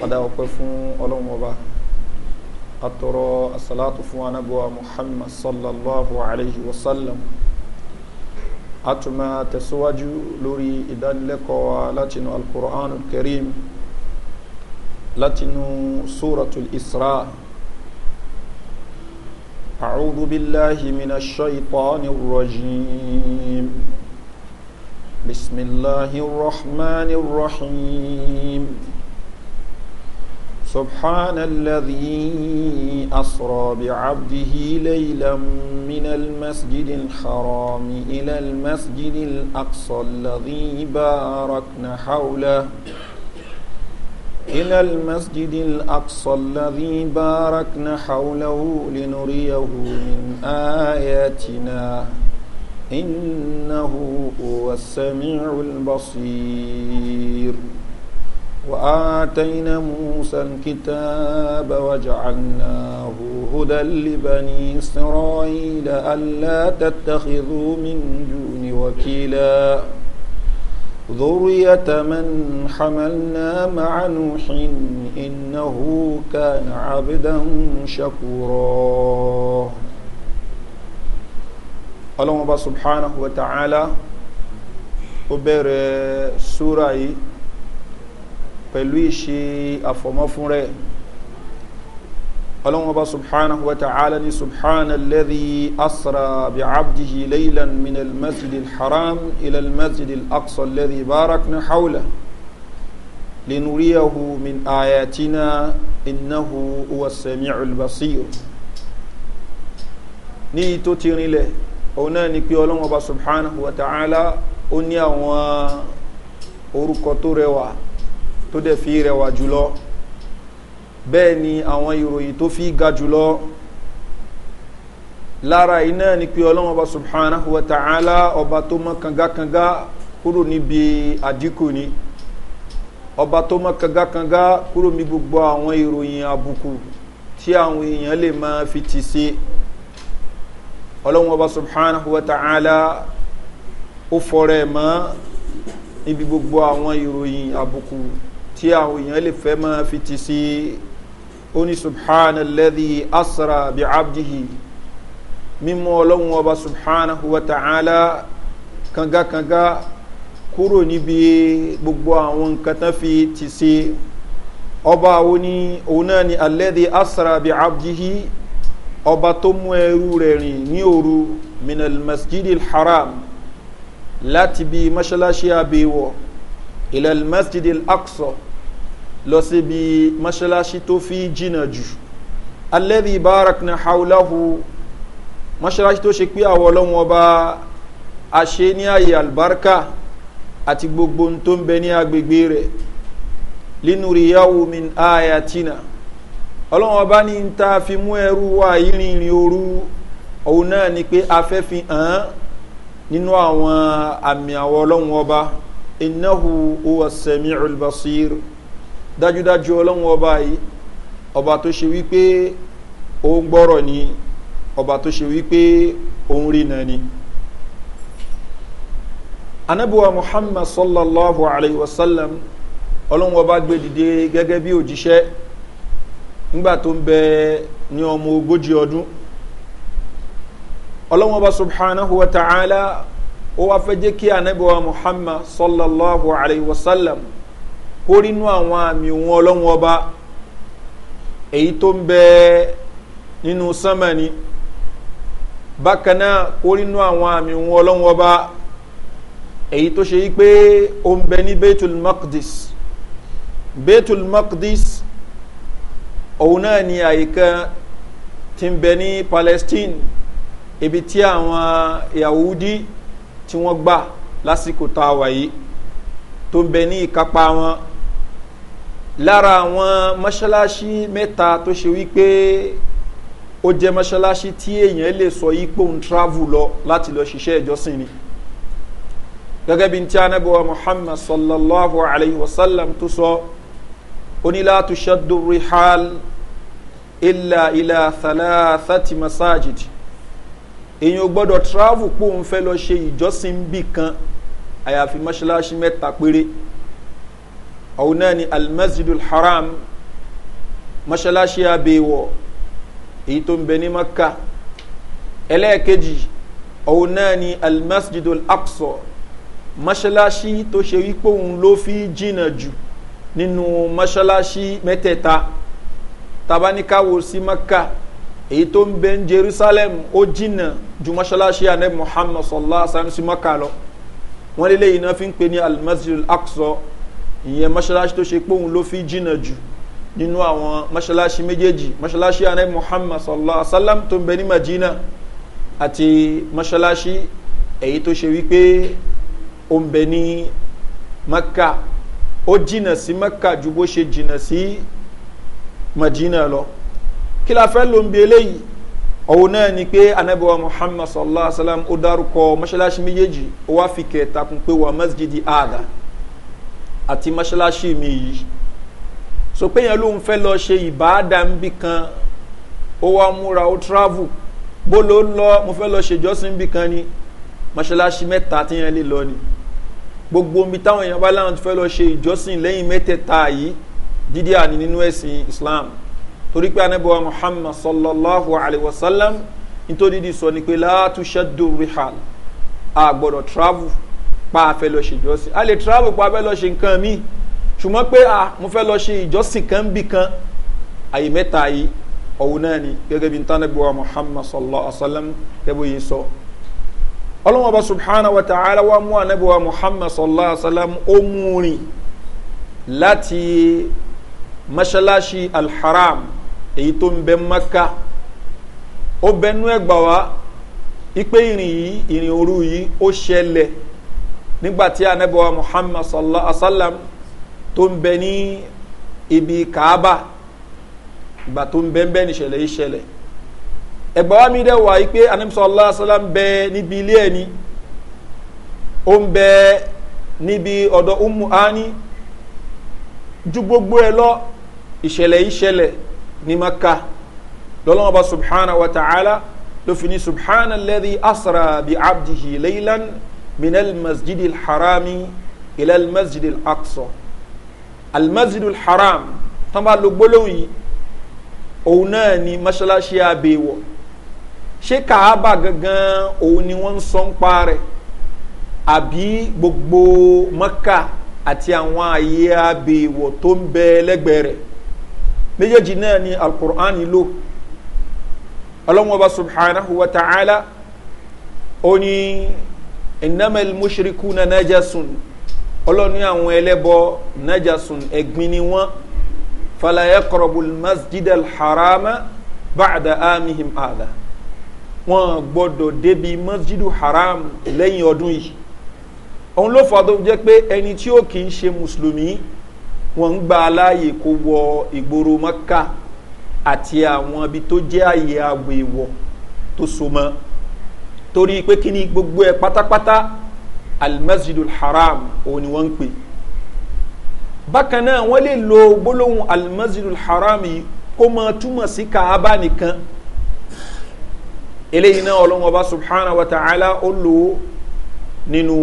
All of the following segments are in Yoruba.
padà ọpẹ́ fún ọlọ́run ọba atọrọ asalatu fún anabuwa muhammad sallallahu alayhi wa sallam a tún máa tẹ̀síwájú lórí ìdánilẹ́kọ̀ọ́ wa látinú alkur'an kareem látinú suratul isra أعوذ بالله من الشيطان الرجيم بسم الله الرحمن الرحيم سبحان الذي أسرى بعبده ليلا من المسجد الحرام إلى المسجد الأقصى الذي باركنا حوله إلى المسجد الأقصى الذي باركنا حوله لنريه من آياتنا إنه هو السميع البصير وآتينا موسى الكتاب وجعلناه هدى لبني إسرائيل ألا تتخذوا من دون وكيلا ذرية من حملنا مع نوح إنه كان عبدا شكورا الله سبحانه وتعالى وبر سورة pẹ̀lú ìṣe àfọ̀mọ́fún rẹ̀ ọlọ́run ọba subhanahu wa ta'ala ni subhanalladhi asra bi abdihi laylan min almasjid alharam ila almasjid alaqsa alladhi barakna hawla linuriyahu min ayatina innahu huwa samiu albasir ní tó ti rinlẹ̀ òun náà ni pé ọlọ́run ọba subhanahu wa ta'ala ó ní àwọn orúkọ tó rẹwà tó dẹ̀ fi rẹwà jùlọ bẹ́ẹ̀ ni àwọn ìròyìn tó fi ga jùlọ lára iná ni pé ọlọ́run ọba subhanahu wa ta'ala ọba tó mọ́ kangakanga kúrò níbi àdínkù ni ọba tó mọ́ kangakanga kúrò ní gbogbo àwọn ìròyìn àbùkù tí àwọn èèyàn lè máa fi ti se ọlọ́run ọba subhanahu wa ta'ala ó fọ́rẹ̀ mọ́ níbi gbogbo àwọn ìròyìn àbùkù tí àwọn èèyàn lè fẹ́ máa fi ti sí oní subhana lẹ́dí asra bí abdihi mímọ́ ọlọ́run ọba subhana wa ta'ala kangakanga kúrò níbi gbogbo àwọn nǹkan tán fi ti sí ọba àwọn ní òun náà ni alẹ́dí asra bí abdihi ọba tó mú ẹrú rẹ̀ rìn ní òru minal masjid al láti bí mọ́ṣáláṣí àbẹ̀wọ̀ ilẹ̀ masjid al-aqsa lọ síbi mọ́ṣáláṣí tó fi jìnnà jù alẹ́bí barakna haulahu mọ́ṣáláṣí tó ṣe pé àwọn ọlọ́run ọba àṣe ní ààyè albarka àti gbogbo tó ń bẹ ní agbègbè rẹ̀ nínú ríyáwó min ayatina ọlọ́run ọba ní ta fi mú ẹrú wa ìrìnrìn òru òun náà ni pé afẹ́ fi hàn án nínú àwọn àmì àwọn ọlọ́run ọba ìnáhu owó sẹ̀mí olùbásírù dájúdájú ọlọ́run ọba yìí ọba tó ṣe wípé òun gbọ́rọ̀ ni ọba tó ṣe wípé òun rí náà ni anabuwa muhammad sallallahu alayhi wa sallam ọlọ́run ọba gbé dìde gẹ́gẹ́ bí òjíṣẹ́ nígbà tó ń bẹ ní ọmọ ogójì ọdún ọlọ́run ọba subhanahu wa ta'ala ó wá fẹ́ jẹ́ kí anabuwa muhammad sallallahu alayhi wa sallam kó rínú àwọn àmì òun ọlọ́run ọba èyí tó ń bẹ nínú sánmà ni bákan náà kó rínú àwọn àmì òun ọlọ́run ọba èyí tó ṣe yí pé ó ń bẹ ní betul makdis betul makdis òun náà ni àyíká ti ń bẹ ní palestine ibi tí àwọn yahudi tí wọ́n gbà lásìkò tá a wà yìí tó ń bẹ ní ìkápá wọn lára àwọn mọ́ṣáláṣí mẹ́ta tó ṣe wípé ó jẹ́ mọ́ṣáláṣí tí èèyàn lè sọ ipò ń travel lọ láti lọ ṣiṣẹ́ ìjọsìn ni gẹ́gẹ́ bí n tí anábíwá muhammad sallallahu alayhi wa sallam tó sọ onílàtú ṣaddu rihal ilà ilà thalathati masajid èèyàn gbọ́dọ̀ travel pò ń fẹ́ lọ ṣe ìjọsìn bì àyàfi mọ́ṣáláṣí mẹ́ta péré òun náà ni almasjidul haram mọ́ṣáláṣí abẹ́wọ̀ èyí tó ń bẹ ní maka ẹlẹ́ẹ̀kejì òun náà ni almasjidul aqsa mọ́ṣáláṣí tó ṣe wípé òun ló fi jìnnà jù nínú mọ́ṣáláṣí mẹ́tẹ̀ẹ̀ta tabaníkàwò sí maka èyí tó ń bẹ ní jerusalem ó jìnnà ju mọ́ṣáláṣí anabi muhammad sallallahu alaihi wa sallam lé lẹ́yìn náà fi ń pè ní almasjidul aqsa ìyẹn mọ́ṣáláṣí tó ṣe póun ló fi jìnnà jù nínú àwọn mọ́ṣáláṣí méjèèjì mọ́ṣáláṣí anabi muhammad sallallahu alaihi wa sallam tó ń bẹ ní madina àti mọ́ṣáláṣí èyí tó ṣe wípé ó ń bẹ ní maka ó jìnnà sí maka ju bó ṣe jìnnà sí madina lọ kí la fẹ́ ló ń bi eléyìí òun náà ni pé anabiwa muhammad sallallahu alaihi wa sallam ó dárúkọ mọ́ṣáláṣí méjèèjì ó wá fi kẹta kún pé wà masjidi àdá àti mọ́ṣáláṣí mi yìí so pé yẹn ló ń fẹ́ lọ ṣe ìbáàdà níbì kan ó wá múra ó travel bó ló lọ mo fẹ́ lọ ṣèjọ́sìn níbì kan ni mọ́ṣáláṣí mẹ́ta tí yẹn lè lọ ni gbogbo omi táwọn èèyàn bá láwọn fẹ́ lọ ṣe ìjọ́sìn lẹ́yìn mẹ́tẹ̀ẹ̀ta yìí dídí àní nínú ẹ̀sìn islam torí pé anábọ̀wá muhammad sallallahu alayhi wa sallam nítorí di sọ ni pé látúṣẹ́ dùn rihal àgbọ̀dọ̀ travel pa afẹ́ lọ ṣe ìjọsìn a lè travel pa afẹ́ lọ ṣe nǹkan mi ṣùgbọ́n pé a mo fẹ́ lọ ṣe ìjọsìn kan bì kan àyè mẹ́ta yìí ọ̀hún náà ni gẹ́gẹ́ bí ntánẹ́bí wa muhammad sallallahu alaihi wa sallam gẹ́gẹ́ bó yìí sọ ọlọ́wọ́n bá subhanahu wa ta'ala wa mú anabi wa muhammad sallallahu alaihi ó mú rìn láti mọ́ṣáláṣí alḥaram èyí tó ń bẹ maka ó bẹnu ẹgbàá wa ipe ìrìn yìí ìrìn òru yìí ó ṣẹlẹ̀ nígbàtí anabiwa muhammad sallallahu alaihi wa sallam tó ń bẹ ní ibi kaaba ìgbà tó ń bẹ́ẹ̀ bẹ́ẹ̀ níṣẹ̀lẹ̀ ìṣẹ̀lẹ̀ ẹgbàá wa mi dẹ́ wà yí pé anabi sallallahu alaihi wa sallam bẹ níbi ilé ẹni ó ń bẹ níbi ọ̀dọ̀ umu ani ju gbogbo ẹ lọ ìṣẹ̀lẹ̀ ìṣẹ̀lẹ̀ ní maka lọ́lọ́wọ́ bá subhana wa ta'ala lófin ní subhana lẹ́dí asra bi abdihi leylan. من المسجد الحرام إلى المسجد الأقصى المسجد الحرام طبعا لقبلوي òun náà ni mọ́ṣáláṣí abẹ́wọ̀ ṣé kàábà gangan òun ni wọ́n ń sọ ń pa rẹ̀ àbí gbogbo mọ́kà àti àwọn ààyè abẹ́wọ̀ tó ń bẹ lẹ́gbẹ̀ẹ́ rẹ̀ méjèèjì náà ni alukur'an lò ọlọ́wọ́n bá subhanahu wa ta'ala ó ní ìnáma ìmúṣirikú na najasun ọlọ́ni àwọn ẹlẹ́bọ najasun ẹ̀gbin ni wọ́n falaya kọ̀rọ̀bùl masjid alharama bàdà amihim àdà wọn gbọdọ̀ débi masjid haram lẹ́yìn ọdún yìí òun ló fà tó pé ẹni tí ó kì í ṣe mùsùlùmí wọn ń gba aláàyè kó wọ ìgboro mọ́kà àti àwọn ibi tó àyè àwọ̀ tó so mọ́ torí pé kí ni gbogbo ẹ pátápátá almasjid alharam òun ni wọ́n ń pè bákan náà wọ́n lè lo gbólóhùn almasjid alharam yìí kó máa túmọ̀ sí kaaba nìkan eléyìí náà ọlọ́run ọba subhana wa ta'ala ó lò ó nínú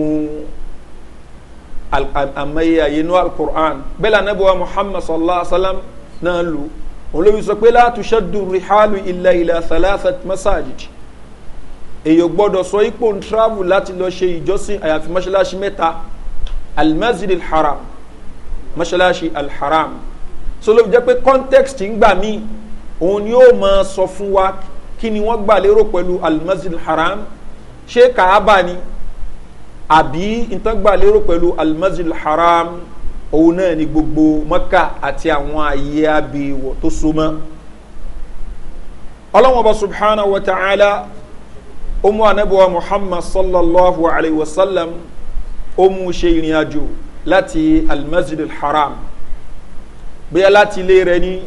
àmàyà yìí nínú alukur'an bẹ́ẹ̀ lànà bí wa muhammad sallallahu alayhi wa sallam náà lò ó olóyún sọ pé látúnṣe dùn rihalu ilẹ̀ ilẹ̀ salasat masajid èyàn gbọ́dọ̀ sọ ipò ń travel láti lọ ṣe ìjọsìn àyàfi mọ́ṣáláṣí mẹ́ta almazid alharam mọ́ṣáláṣí alharam so ló jẹ́ pé context ń gbà mí òun ni ó máa sọ fún wa kí ni wọ́n gbà lérò pẹ̀lú almazid alharam ṣé kàábà ni àbí ìtàn gbà lérò pẹ̀lú almazid alharam òun náà ni gbogbo mọ́kà àti àwọn ayé abèèwọ̀ tó so mọ́ ọlọ́wọ́n bá subhanahu wa ta'ala ó mú anábọ̀wá muhammad sallallahu alayhi wa sallam ó mú ṣe ìrìn àjò láti almasjid alharam bóyá láti ilé rẹ ní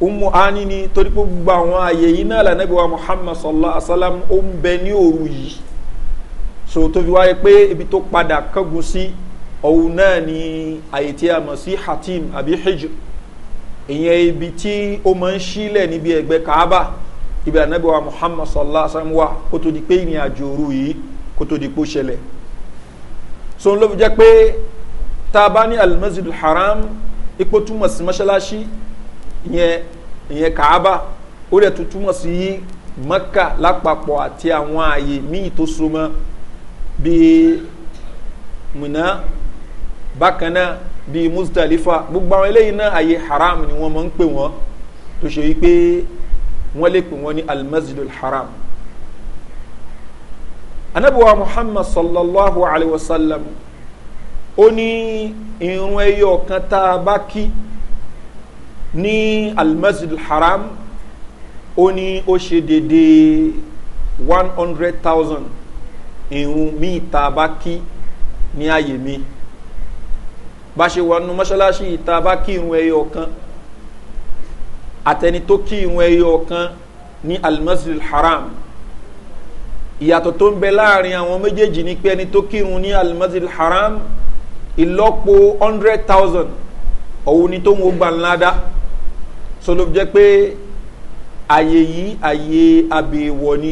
umu ani ni torí pé gbogbo àwọn àyè yìí náà lànàbí wa muhammad sallallahu alaihi wa sallam ó ń bẹ ní òru yìí so tó fi wáyé ibi tó padà kángun sí ọ̀hún náà ni àyè tí a hatim àbí hijr ìyẹn ibi tí ó máa ń sílẹ̀ níbi ẹ̀gbẹ́ kaaba ibi ànábì wa muhammad sallallahu alaihi wa sallam wa kó tó di pé ìrìn àjò òru yìí kó tó di pé ó ṣẹlẹ̀ so ló fi jẹ́ pé tá a bá ní almasjid haram ipò túmọ̀ sí mọ́ṣáláṣí ìyẹn ìyẹn kaaba ó dẹ̀ tó túmọ̀ sí maka lápapọ̀ àti àwọn ààyè míì tó so mọ́ bíi mùnà bákan náà gbogbo àwọn eléyìí náà ààyè haram ni wọ́n máa ń pè wọ́n tó ṣe wípé wọ́n lè pè wọ́n ní almasjid alharam anabiwa muhammad sallallahu alayhi wa sallam ó ní irun ẹyọ kan tá a bá kí ní almasjid alharam ó ní ó ṣe déédéé one hundred thousand irun míì tá a bá kí ní àyè mi bá ṣe wọnú mọ́ṣáláṣí ìta bá kí irun ẹyọ kan àtẹni tó kí ìwọn ẹyọ kan ní almasjid haram ìyàtọ̀ tó ń bẹ láàrin àwọn méjèèjì ni pé ẹni tó kírun ní almasjid haram ìlọ́po hundred thousand òun ni tó ń wo gbà ńláda sọlọ jẹ́ pé àyè yìí àyè àbèwọ̀ ni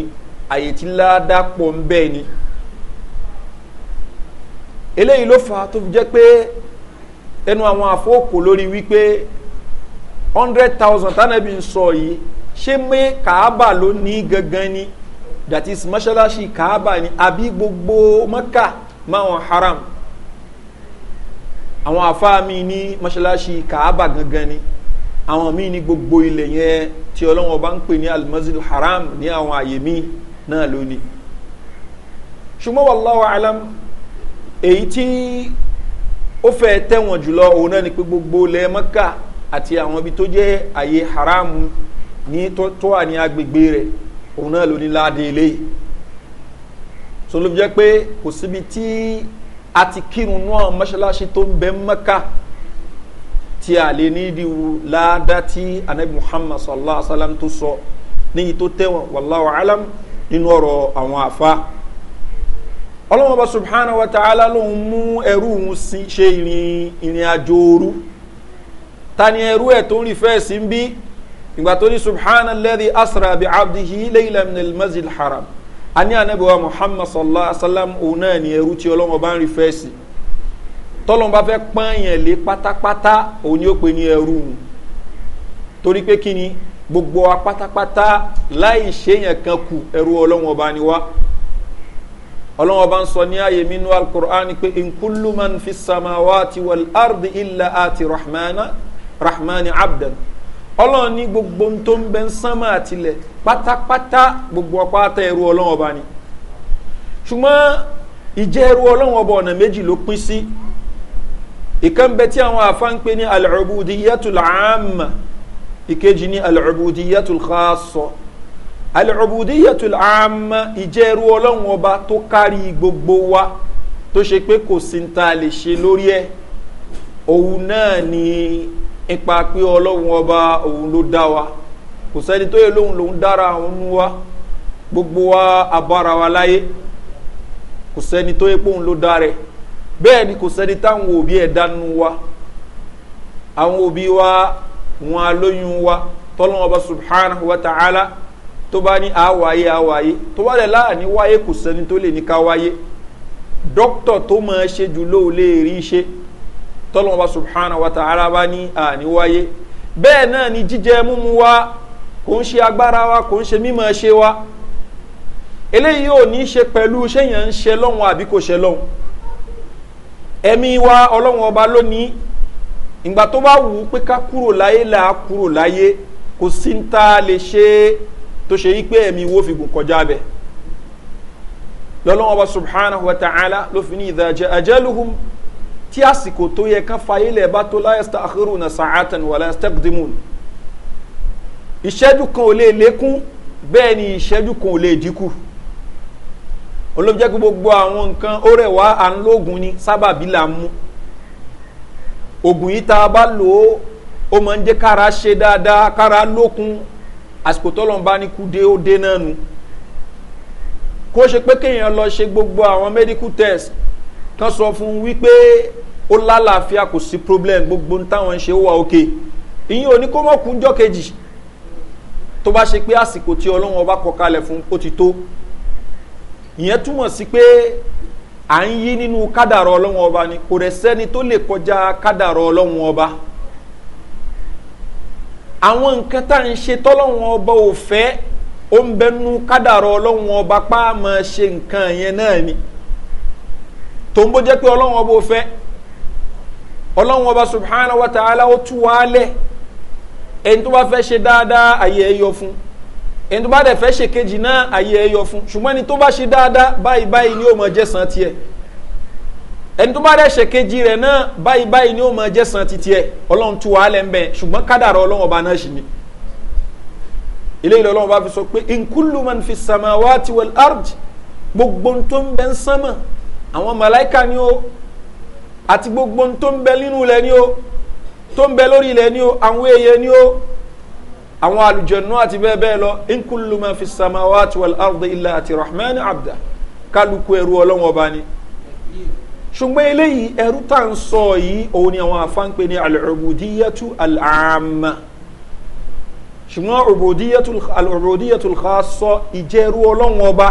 àyè tí láàdá pọ̀ ń bẹ́ẹ̀ ni eléyìí ló fà á tó fi jẹ́ pé ẹnu àwọn àfọ́kò lórí wípé hundred thousand tánàbí ń sọ yìí ṣé mé kàábà ló ní gangan ni that is mọ́ṣáláṣí kàábà ni àbí gbogbo mọ́kà máwọn haram àwọn àfáàmì ní mọ́ṣáláṣí kàábà gangan ni àwọn míì ní gbogbo ilẹ̀ yẹn tí ọlọ́wọ́n bá ń pè ní almazil haram ní àwọn àyè míì náà lónìí ṣùgbọ́n wàláwà alam èyí tí ó fẹ́ tẹ̀wọ̀n jùlọ òun náà ni pé gbogbo ilẹ̀ mọ́kà àti àwọn ibi tó jẹ́ àyè haramu ní tó wà ní agbègbè rẹ̀ òun náà ló ní láàdé eléyìí tó ló jẹ́ pé kò síbi tí a ti kírun náà mọ́ṣáláṣí tó ń bẹ mọ́ká tí a lè ní ìdíwù láàdá tí anabi muhammad sallallahu alaihi wa sallam tó sọ níyì tó tẹ̀wọ̀n wàláwà alam nínú ọ̀rọ̀ àwọn àfa ọlọ́wọ́n subhanahu wa ta'ala ló ń mú ẹrú òun ṣe ìrìn àjò òru tani ẹrú ẹ̀ tó ń rí fẹ́ẹ̀ sí ń bí ìgbà tó ní subhana lẹ́dí asra bi abdihi leila minal masjid haram a ní anabiwa muhammad sallallahu alaihi wa sallam òun náà ni ẹrú tí ọlọ́wọ́ bá ń rí fẹ́ẹ̀ sí tọ́lọ́n bá fẹ́ pọ́n yẹn lé pátápátá òun ni ó pe ní ẹrú torí pé kí ni gbogbo wa pátápátá láì ṣe yẹn kan kù ẹrú ọlọ́wọ́ bá ní wá ọlọ́wọ́ bá ń sọ ní ààyè mi alukur'an pé nkúlùmán fi sàmáwá ti wàl ardi ilà àti rahmanah rahman abdan ọlọ́run ní gbogbo tó ń bẹ ń sánmà àtìlẹ̀ pátápátá gbogbo ọpáta ẹrú ọlọ́run ọba ni ṣùgbọ́n ìjẹ́ ẹrú ọlọ́run ọba ọ̀nà méjì ló pín sí ìkan bẹ tí àwọn àfa ń pè ní alẹ́rọ̀bùdí yẹtùl àmà ìkejì ní alẹ́rọ̀bùdí yẹtùl xaasọ alẹ́rọ̀bùdí yẹtùl àmà ìjẹ́ ẹrú ọlọ́run ọba tó kárí gbogbo wa tó ṣe pé kò sí ní ta lè ṣe lórí ẹ òun náà ni ipa pé ọlọ́run ọba òun ló dá wa kò sẹ́ni tó yẹ lóhun lòun dára àwọn nú wa gbogbo wa abára wa láyé kò sẹ́ni tó yẹ pé òun ló dá rẹ̀ bẹ́ẹ̀ ni kò sẹ́ni táwọn òbí ẹ̀ dánú wa àwọn òbí wa wọn alóyún wa tọ́lọ́wọ́n ọba subhanahu wa ta'ala tó bá ní àwáyé àwáyé tó bá lẹ̀ láàní wáyé kò sẹ́ni tó lè ní ká wáyé dókítà tó máa ṣe jù lóò rí iṣẹ́ tọ́lọ́wọ́n bá subhanahu wa ta'ala bá ní àníwáyé bẹ́ẹ̀ náà ni jíjẹ múmu wa kò ń ṣe agbára wa kò ń ṣe mímọ̀ ṣe wa eléyìí ò ní ṣe pẹ̀lú ṣéyàn ń ṣe lọ́wọ́n àbí kò ṣe lọ́wọ́n ẹ̀mí wa ọlọ́wọ́n ọba lónìí ìgbà tó bá wù ú pé ká kúrò láyé là á kúrò láyé kò sí ń tá lè ṣe tó ṣe yí ẹ̀mí wo fi gùn kọjá bẹ́ẹ̀ lọ́lọ́wọ́n ọba subhanahu wa ta'ala ló fi ní ìdájẹ́ àjẹ́lùhùn tí àsìkò tó yẹ kán fa ilẹ̀ bá tó láyẹ̀sítà àkérò náà sàátàn wà láyẹ̀sítà dìmùn ìṣẹ́jú kan ò lè lékún bẹ́ẹ̀ ni ìṣẹ́jú kan ò lè dínkù olóòjẹ́ pé gbogbo àwọn nǹkan ó rẹ̀ wá à ń lóògùn ni sábàbí là ń mú ògùn yìí tá a bá lò ó ó máa ń jẹ́ kára ṣe dáadáa kára lókun àsìkò tọ́lọ́mbá ní kú dé ó dé náà nu kó ṣe pé kéèyàn lọ ṣe gbogbo àwọn medical test tán sọ fún wípé ó lálàáfíà kò sí problem gbogbo táwọn ń ṣe ó wà òkè ìyẹn ò ní kó mọ̀ kúnjọ́ kejì tó bá ṣe pé àsìkò tí ọlọ́run ọba kọ kalẹ̀ fún ó ti tó ìyẹn túmọ̀ sí pé à ń yí nínú kádàrọ̀ ọlọ́run ọba ni kò rẹ̀ sẹ́ni tó lè kọjá kádàrọ̀ ọlọ́run ọba àwọn nǹkan tá à ń ṣe tọ́lọ́run ọba ò fẹ́ ó ń bẹnu kádàrọ̀ ọlọ́run ọba pa á máa ṣe nǹkan yẹn náà ni tó ń bó jẹ́ pé ọlọ́run ọba ò fẹ́ ọlọ́run ọba subhanahu wa ta'ala ó tú wa lẹ̀ ẹni tó bá fẹ́ ṣe dáadáa àyè ẹ yọ fún ẹni tó bá dẹ̀ fẹ́ ṣe kejì náà àyè ẹ yọ fún ṣùgbọ́n ẹni tó bá ṣe dáadáa báyìí báyìí ni ó mọ jẹ́sàn tiẹ̀ ẹni tó bá dẹ̀ ṣe kejì rẹ̀ náà báyìí báyìí ni ó mọ jẹ́sàn ti tiẹ̀ ọlọ́run tú wa lẹ̀ ń bẹ̀ ṣùgbọ́n kádàrọ̀ ọlọ́run ọba náà ṣì ni ilé ìlú ọlọ́run bá fi sọ pé nkúlùmọ̀ fi sàmáwá ti wẹ̀ ard gbogbo tó ń bẹ́ ń sánmọ̀ àwọn màláìka ni ó àti gbogbo tó ń bẹ nínú ilẹ̀ ni ó tó ń bẹ lórí ilẹ̀ ni ó àwọn èèyàn ni ó àwọn àlùjọ̀nù àti bẹ́ẹ̀ bẹ́ẹ̀ lọ inkuluma fi samawa àti wàl ardi ilà àti rahman abda kálukú ẹrú ọlọ́wọ́n ọba ni ṣùgbọ́n eléyìí ẹrú tá à ń sọ yìí òun ni àwọn afánpẹ ní alùbùdíyàtú àlàmà ṣùgbọ́n alùbùdíyàtú alùbùdíyàtú xaasọ ìjẹ́rú ọlọ́wọ́n ọba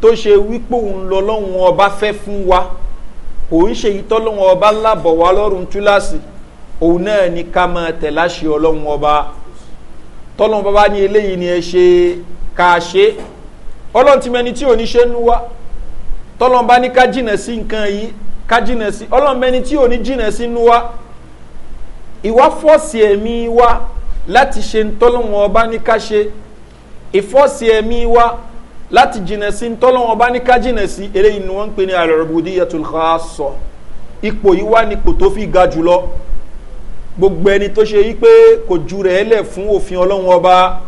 tó ṣe wípé òun lọ́lọ́run ọba fẹ́ fún wa òun ṣe ìtọ́lọ́run ọba lábọ̀ wá lọ́rùn túláàsì òun náà ni ká máa tẹ̀ láṣẹ ọlọ́run ọba tọ́lọ́run bàbá ní eléyìí ni ẹ ṣe ká ṣe ọlọ́run ti mẹni tí ò ní ṣe ń wá tọ́lọ́run bá ní ká jìnà sí nǹkan yìí ká jìnà sí ọlọ́run mẹni tí ò ní jìnà sí ń wá ìwá fọ́ọ̀sì ẹ̀mí wa láti ṣe ń ọba ní ká ṣe ìfọ́ọ̀sì ẹ̀mí wa láti jìnà sí tọ́lọ́wọ́n bá ní ká jìnà sí eléyìí ni wọ́n ń pè ní alọ́rọ̀bùdí yẹtùlùkọ́ sọ ipò yìí wá ní ipò tó fi ga jùlọ gbogbo ẹni tó ṣe yí pé kò ju rẹ̀ lẹ̀ fún òfin ọlọ́wọ́n ọba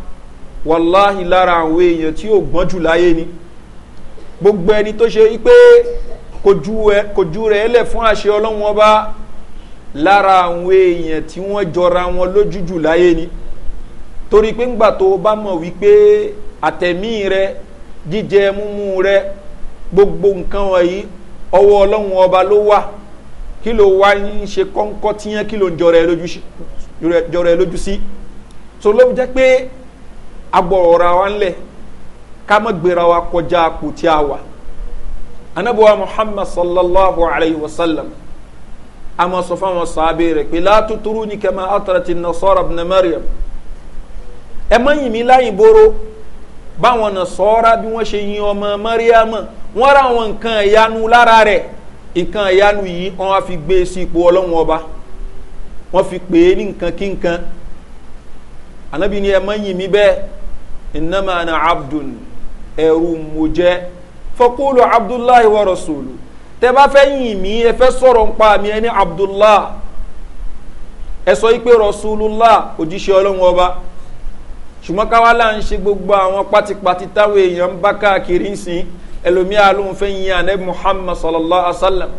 wàláhì lára àwọn èèyàn tí yóò gbọ́n jù láyé ni gbogbo ẹni tó ṣe yí pé kò ju rẹ̀ lẹ̀ fún àṣẹ ọlọ́wọ́n ọba lára àwọn èèyàn tí wọ́n jọra wọn lójú jù láyé ni torí pé ńgbà tó o bá mọ̀ wípé àtẹ̀mí rẹ̀ jíjẹ múmú rẹ gbogbo nǹkan wọ̀nyí ọwọ́ ọlọ́run ọba ló wà kí ló wá ń ṣe kọ́ńkọ́ tíyán kí ló ń jọrọ ẹ lójú sí so ló jẹ́ pé agbọ̀rọ̀ra wa ńlẹ̀ ká mọ̀ gbéra wa kọjá àpò tí a wà anabuwa muhammad sallallahu alayhi wa sallam a ma sọ fáwọn sábẹ́ rẹ̀ pé látútúrú ní kẹmà àtàràtì nasọ́rọ̀ bìnnà mariam ẹ mọ̀ yìí mi láyìn bóró báwọn nà sọ́ra bí wọ́n ṣe yin ọmọ mọ́ríàmù wọ́n ra àwọn nǹkan ìyanu lára rẹ̀ nǹkan ìyanu yìí wọ́n fi gbé e sí ipò ọlọ́run ọba wọ́n fi pè é ní nǹkan kí nǹkan ànábì ni ẹ mọ́ yin mi bẹ́ẹ̀ ìnáma na abdul ẹ̀rù mo jẹ́ fọkúlù abdullahi wa rasulu tẹ bá fẹ́ yin mi ẹ fẹ́ sọ̀rọ̀ ń pa mi ẹ ní abdullahi ẹ sọ yìí pé rasulullah òjíṣẹ́ ọlọ́run ọba ṣùgbọ́n káwá là ń ṣe gbogbo àwọn pátipàti táwọn èèyàn ń bá káàkiri ń sìn ẹlòmíà ló ń fẹ́ yin anabi muhammad sallallahu alaihi wa sallam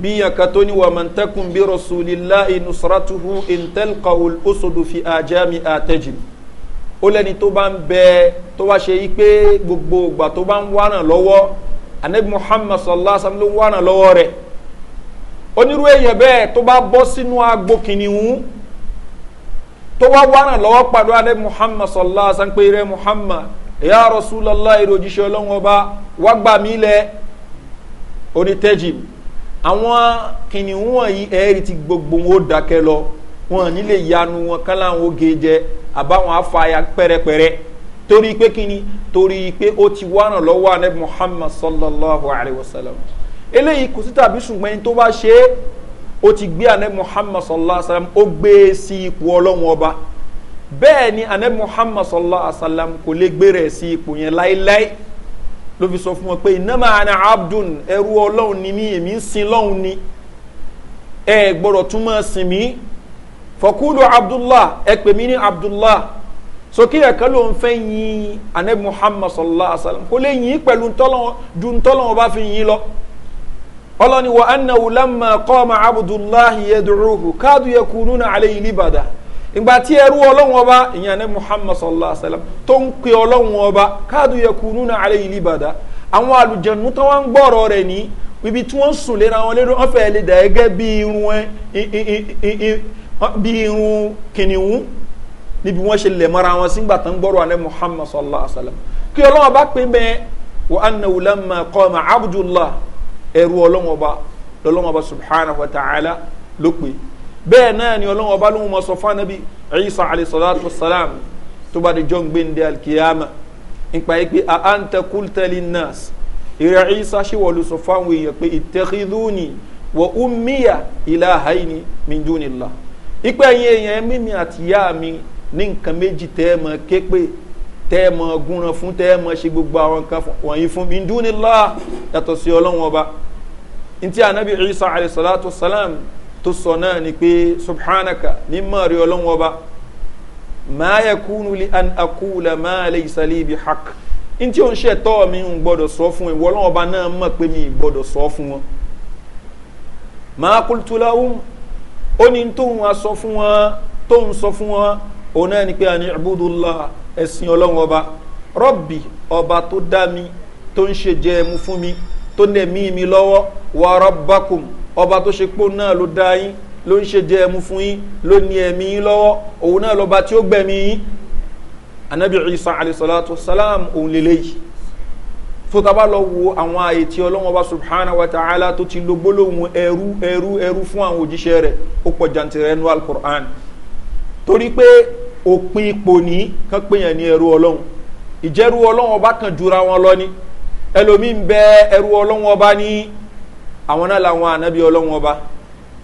bí yàn kan tó ní wà máa tẹ́kùn bí rasulillah inusratuhu intelka osodo fi ajami atẹ́jì ó lẹ́ni tó bá ń bẹ tó wá ṣe yí pé gbogbo ìgbà tó bá ń wárán lọ́wọ́ anabi muhammad sallallahu alaihi wa sallam ló ń lọ́wọ́ rẹ̀ onírú èèyàn bẹ́ẹ̀ tó bá bọ́ sínú agbókìnnìún tó wá wánà lọ́wọ́ pàdó alẹ́ muhammad sọlá sanpé rẹ muhammad ìyá rasulallah ìròjíṣẹ́ ọlọ́run ọba wá gbà mí lẹ onítẹ́jì àwọn kìnìún wọ̀nyí ẹ̀ẹ́rì ti gbogbo wọn ó dákẹ́ lọ wọn ní lè yanu wọn kán láwọn oge jẹ àbáwọn afáya pẹ́rẹpẹ́rẹ́ torí pé kíni torí pé ó ti wánà lọ́wọ́ alẹ́ muhammad sallallahu alayhi wa sallam eléyìí kò sí tàbí ṣùgbọ́n ẹni tó bá ṣe é ó ti gbé anabi muhammad sallallahu alaihi wa sallam ó gbé e sí ipò ọlọ́run ọba bẹ́ẹ̀ ni anabi muhammad sallallahu alaihi wa sallam kò lè gbére sí ipò yẹn láéláé ló fi sọ fún wọn pé iná máa na abdul ẹrú ọlọ́run ni mí èmi ń sin lọ́hùn ni ẹ gbọ́dọ̀ tún máa sin mí fọkúlù abdullah ẹ pè mí ní abdullah sókè ẹ̀ka ló ń fẹ́ yin anabi muhammad sallallahu alaihi wa sallam kò lè yin pẹ̀lú ntọ́lọ́wọ́ bá fi yin lọ ọlọ́ni wa annahu lamma qama abdullahi yad'uhu kadu yakununa alayhi libada ìgbà tí ẹrú ọlọ́run ọba ìyẹn ní muhammad sallallahu alayhi wa sallam tó ń pe ọlọ́run ọba kadu yakununa alayhi libada àwọn àlùjẹ̀nu tó wọ́n ń gbọ́rọ̀ ní ibi tí wọ́n sùn léra wọn lérò wọ́n lè dà gẹ́gẹ́ bí irun bí irun kìnìún níbi wọ́n ṣe lẹ̀ mọ́ra wọn sígbà tó ń gbọ́rọ̀ àlẹ́ muhammad sallallahu alayhi wa sallam kí ọlọ́run ọba pè mẹ́ wa annahu lamma qama abdullahi ẹrú ọlọ́wọ́ba lọ́lọ́wọ́ba subhanahu wa ta'ala ló pè bẹ́ẹ̀ náà ni ọlọ́wọ́ba ló ń mọ sọ fún anabi isa alayhisalatu salam tó bá di john gbende alkiyama nípa yìí pé ahanta kultali nas ìrẹ̀ isa ṣe wọ́n ló sọ fún àwọn èèyàn pé ìtẹ́kìlúni wọ umiya ilá haini mindunila ìpẹ́yìn èèyàn mímí àtìyá mi ní nǹkan méjì tẹ́ ẹ mọ̀ képe tẹ́ ẹ mọ gúnran fún tẹ́ ẹ mọ ṣe gbogbo àwọn nǹkan wọ̀nyí fún mi dún ní láà yàtọ̀ sí ọlọ́run ọba ntí anabi isa alayhisalatu salam tó sọ náà ni pé subhanaka ní mọ̀ rí ọlọ́run ọba máa yẹ kúnu lé an akúlẹ̀ máa lè ìsàlẹ̀ ibi hak ntí òun ṣe tọ́ mi ń gbọ́dọ̀ sọ fún ìwọ ọlọ́run ọba náà mọ̀ pé mi gbọ́dọ̀ sọ fún wọn máa kúlùtùláwùm ó ní tóun a sọ fún wọn tóun sọ fún wọn òun náà ni pé àní ibùdó ẹ̀sìn ọlọ́run ọba rọ́bì ọba tó dá mi tó ń ṣe jẹ ẹmu fún mi tó ń ẹ̀mí mi lọ́wọ́ wà rọ́bàkùn ọba tó ṣe pò náà ló dá yín ló ń ṣe jẹ ẹmu fún yín ló ní ẹ̀mí yín lọ́wọ́ òun náà lọ́ba tí ó gbẹ̀mí yín anabi isa alayhisalatu salam òun lélẹ́yìí tó ta bá lọ wo àwọn ààyè tí ọlọ́wọ́n bá subhana wa ta'ala tó ti lo gbólóhùn ẹrú ẹrú ẹrú fún àwọn òjíṣẹ́ rẹ̀ ó pọ̀ jàǹtìrẹ́ nu alukur'an torí pé òpin ipò ní kán péyàn ní ẹrú ọlọ́run ìjẹ́rú ọlọ́run ọba kan jura wọn lọ ni ẹlòmíì ń bẹ ẹrú ọlọ́run ọba ní àwọn náà làwọn ànábì ọlọ́run ọba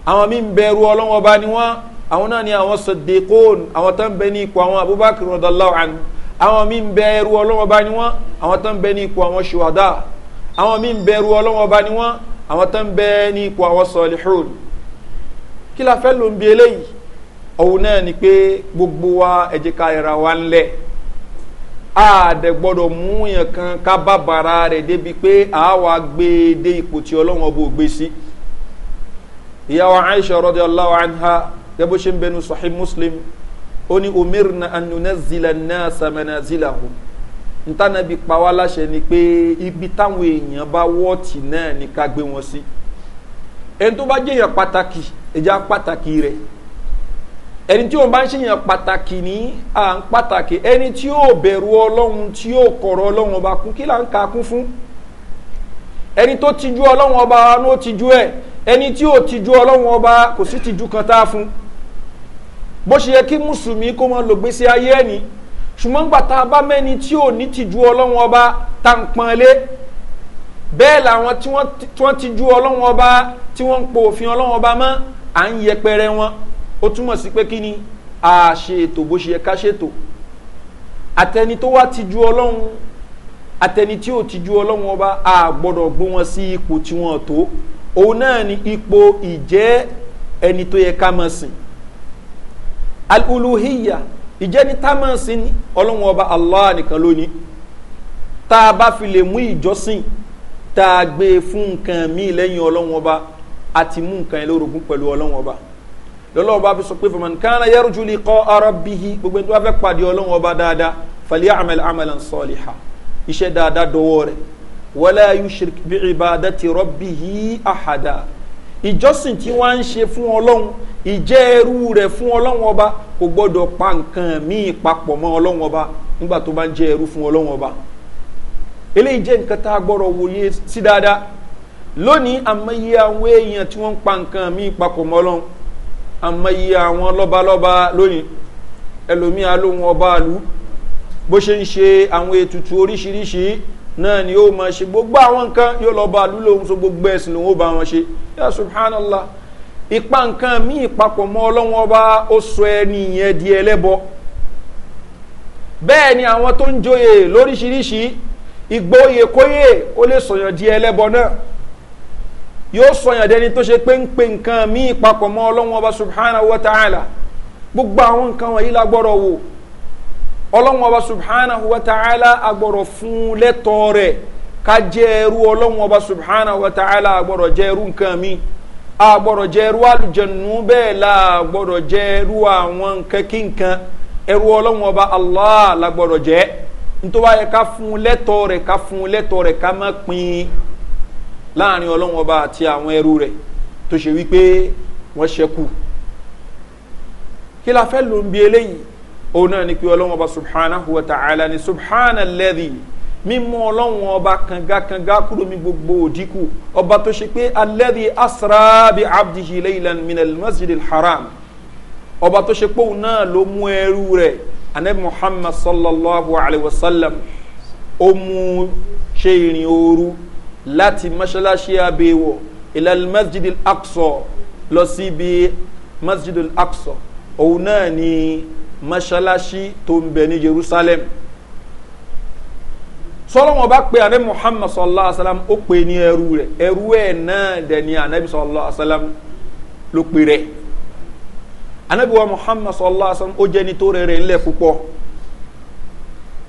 àwọn míì ń bẹ ẹrú ọlọ́run ọba ni wọ́n àwọn náà ni àwọn sọ̀dẹ̀kọ́ọ̀n àwọn tó ń bẹ ní ipò àwọn abubakar rọ̀dọ̀láwọ̀ àná àwọn míì ń bẹ ẹrú ọlọ́run ọba ni wọ́n àwọn tó ń bẹ ní ipò àwọn ṣùwádà àwọn míì ń bẹ ẹrú ọlọ́run ọba ni wọ́n àwọn tó ń bẹ ní ipò àwọn sọ̀lẹ̀hún òun náà ni pé gbogbo wa ẹ̀jẹ̀ ká wa ń lẹ̀ àdẹ̀ gbọ́dọ̀ mú yàn kan ká débi pé àwa gbé e dé ipò tí ọlọ́run gbé e sí ìyàwó aisha rọ́dí aláwọ̀ anha gẹ́gbó ṣe ń bẹnu sọ̀hí muslim ó ní na anuna zila na samana zila hù ntànàbí pàwọ́ aláṣẹ ni pé ibi táwọn èèyàn bá wọ́ọ̀tì náà ni ká gbé wọn sí ẹni tó bá pàtàkì ẹni tí òun bá ń ṣèyàn pàtàkì ní à ń pàtàkì ẹni tí yóò bẹ̀rù ọlọ́run tí yóò kọ̀rọ̀ ọlọ́run ọba kún kí là ń ka kún fún ẹni tó tijú ọlọ́run ọba ló tijú ẹ̀ ẹni tí ò tijú ọlọ́run ọba kò sí tijú kan tá a fún bó ṣe yẹ kí mùsùlùmí kó mọ lògbé sí ayé ẹni ṣùgbọ́n gbà tá tí ò ní tijú ọlọ́run ọba tá n pọn lé bẹ́ẹ̀ làwọn tí wọ́n tijú ọlọ́run ọba tí wọ́n ń po òfin ọlọ́run ọba mọ́ à ń yẹpẹrẹ wọn ó túmọ̀ sí pé kí ni a ṣe ètò bó ṣe yẹ ká ṣètò àtẹni tó wá ti ju ọlọ́run àtẹni tí ò ti ju ọlọ́run ọba a gbọ́dọ̀ gbó wọn sí ipò tí wọ́n tó òun náà ni ipò ìjẹ́ ẹni tó yẹ ká mọ̀ sìn aluluhiya ìjẹ́ ní támọ̀sìn ọlọ́run ọba allah nìkan lónìí tá a bá fi lè mú ìjọsìn tá a gbé e fún nǹkan míì lẹ́yìn ọlọ́run ọba àti mú nǹkan ẹ lórogún pẹ̀lú ọlọ́run ọba lọ́lọ́wọ́ bá fi sọ pé fọmọ nǹkan náà yẹ́rù jùlọ ikọ́ ara bí i gbogbo ẹni tó bá fẹ́ pàdé ọlọ́wọ́ ọba dáadáa fàlẹ́ àmàlẹ́ àmàlẹ́ sọ́ọ̀lì ha iṣẹ́ dáadáa dọwọ́ rẹ̀ wọlé ayú ṣirk bí ìbàdà ti rọ́bì yìí àhàdà ìjọsìn tí wọ́n ń ṣe fún ọlọ́run ìjẹ́ ẹrú rẹ̀ fún ọlọ́run ọba kò gbọ́dọ̀ pa nǹkan míì papọ̀ mọ́ ọlọ́run ọba nígbà tó bá ń jẹ́ ẹrú fún ọlọ́run ọba eléyìí jẹ́ nǹkan tá a gbọ́dọ̀ wòye sí dáadáa lónìí àmọ́ iye àwọn èèyàn tí wọ́n ń pa nǹkan míì papọ̀ mọ́ ọlọ́run àmọye àwọn lọ́balọ́ba lónìí ẹlòmíà lóhun ọba àlú bó ṣe ń ṣe àwọn ètùtù oríṣiríṣi náà ni yóò máa ṣe gbogbo àwọn nǹkan yóò lọ́ba àlú lóhun so gbogbo ẹ̀sìn lòun ó bá wọn ṣe yà subhanallah ipa nǹkan míì papọ̀ mọ́ ọlọ́wọ́n ọba ó sọ ẹni yẹn di ẹlẹ́bọ bẹ́ẹ̀ ni àwọn tó ń joyè lóríṣiríṣi ìgbóyè kóyè ó lè sọ̀yàn di ẹlẹ́bọ náà yóò sọyàn dẹni tó ṣe pé ń pe nǹkan míì papọ̀ mọ́ ọlọ́run ọba subhanahu wa ta'ala gbogbo àwọn nǹkan wọ̀nyí la gbọ́dọ̀ wò ọlọ́run ọba subhanahu wa ta'ala agbọ̀rọ̀ fún lẹ́tọ̀ọ́ rẹ̀ ká jẹ́ ẹrú ọlọ́run ọba subhanahu wa ta'ala agbọ̀rọ̀ jẹ́ ẹrú nǹkan mi agbọ̀rọ̀ jẹ́ ẹrú alùjẹ̀nu bẹ́ẹ̀ la agbọ̀rọ̀ jẹ́ ẹrú àwọn nǹkan ẹrú ọlọ́run ọba allah la gbọ̀rọ̀ jẹ́ nítorí wáyé ká fún lẹ́tọ̀ọ́ rẹ̀ ká fún lẹ́tọ̀ọ́ rẹ̀ ká má pin láàrin ọlọ́run ọba àti àwọn ẹrú rẹ̀ tó ṣe wípé wọ́n ṣẹkù kí la fẹ́ ló ń bi eléyìí òun náà ni pé ọlọ́run ọba subhanahu wa ta'ala ni subhana lẹ́dí mímú ọlọ́run ọba kangakanga kúrò mi gbogbo òdìkù ọba tó ṣe pé alẹ́dí asra bi abdihi leylan minal masjid alharam ọba tó ṣe pé òun náà ló mú ẹrú rẹ̀ anabi muhammad sallallahu alayhi wa sallam ó mú ṣe ìrìn ooru láti mọ́ṣáláṣí abẹ́wọ̀ ìlàlí masjid al-aqsa lọ síbi masjid al-aqsa òun náà ni mọ́ṣáláṣí tó ń bẹ ní jerusalem sọlọ́wọ́n bá pe anabi muhammad sallallahu alayhi wa sallam ó pe ní ẹrú rẹ̀ ẹrú ẹ̀ náà dẹ̀ ní anabi sallallahu alayhi wa sallam ló pe rẹ̀ anabi wa muhammad sallallahu alayhi wa sallam ó jẹ́ ní tó rẹ̀ rẹ̀ ńlẹ̀ púpọ̀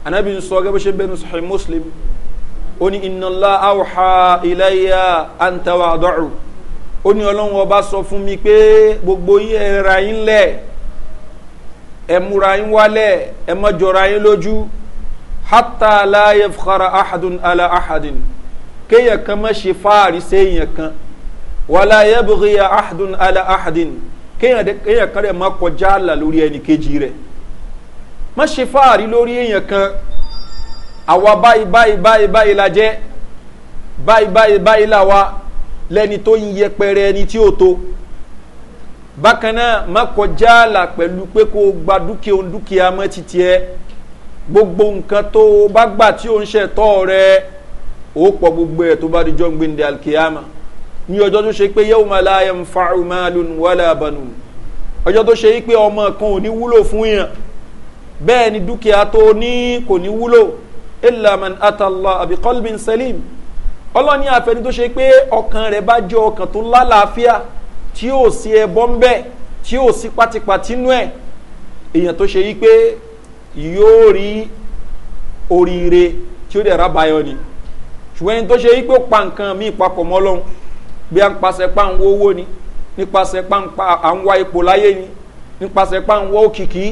anabi sọ gẹ́gẹ́ ṣe bẹ́ẹ̀ ní muslim ó ní ìnàlá àwòhà ìlẹ́yà àǹtàwà àdọ́rù ó ní ọlọ́run ọba sọ fún mi pé gbogbo yín ẹ̀ra yín lẹ̀ ẹ̀ múra yín wálẹ̀ ẹ̀ mọ́jọra yín lójú hátà láàyè fúkara àhàdùn àlà àhàdùn kéèyàn kan má ṣe fáàrí séèyàn kan wàlá yẹ bùkìyà àhàdùn àlà kéèyàn kan rẹ̀ má kọjá àlà lórí ẹnì kejì rẹ̀ má ṣe fáàrí lórí èèyàn kan àwa báyìí báyìí báyìí báyìí la jẹ́ báyìí báyìí báyìí là wa lẹ́ni tó ń yẹpẹrẹ ẹni tí ó to bákan náà má kọjá àlà pẹ̀lú pé kó o gba dúkìá òun dúkìá mọ́ títí ẹ gbogbo nǹkan tó o bá gbà tí o ń ṣẹ̀tọ́ rẹ o pọ̀ gbogbo ẹ̀ tó bá di jọ́ gbẹ̀ndẹ̀ alkiyama ní ọjọ́ tó ṣe pé yẹ́wò máa láàyè ń fa ìmáàlùn wàlà àbànú ọjọ́ tó ṣe pé ọmọ kan ò ní wúlò fún yàn bẹ́ẹ̀ ni dúkìá tó ní kò ní wúlò illa man atallah abi qalbin salim ọlọ́ni àfẹni tó ṣe pé ọkàn rẹ̀ bá jẹ́ ọkàn tó lálàáfíà tí ò sí ẹbọ ń bẹ̀ tí ò sí pátípátí nú ẹ̀ èèyàn tó ṣe yí pé yóò rí oríire tí ó dẹ̀ rábàyọ ni ṣùgbọ́n ẹni tó ṣe yí pé ó pa nǹkan míì papọ̀ mọ́ lọ́hùn bí a ń pasẹ̀ pa ń wo owó ni nípasẹ̀ pa ń wa ipò láyé ni nípasẹ̀ pa ń wọ òkìkí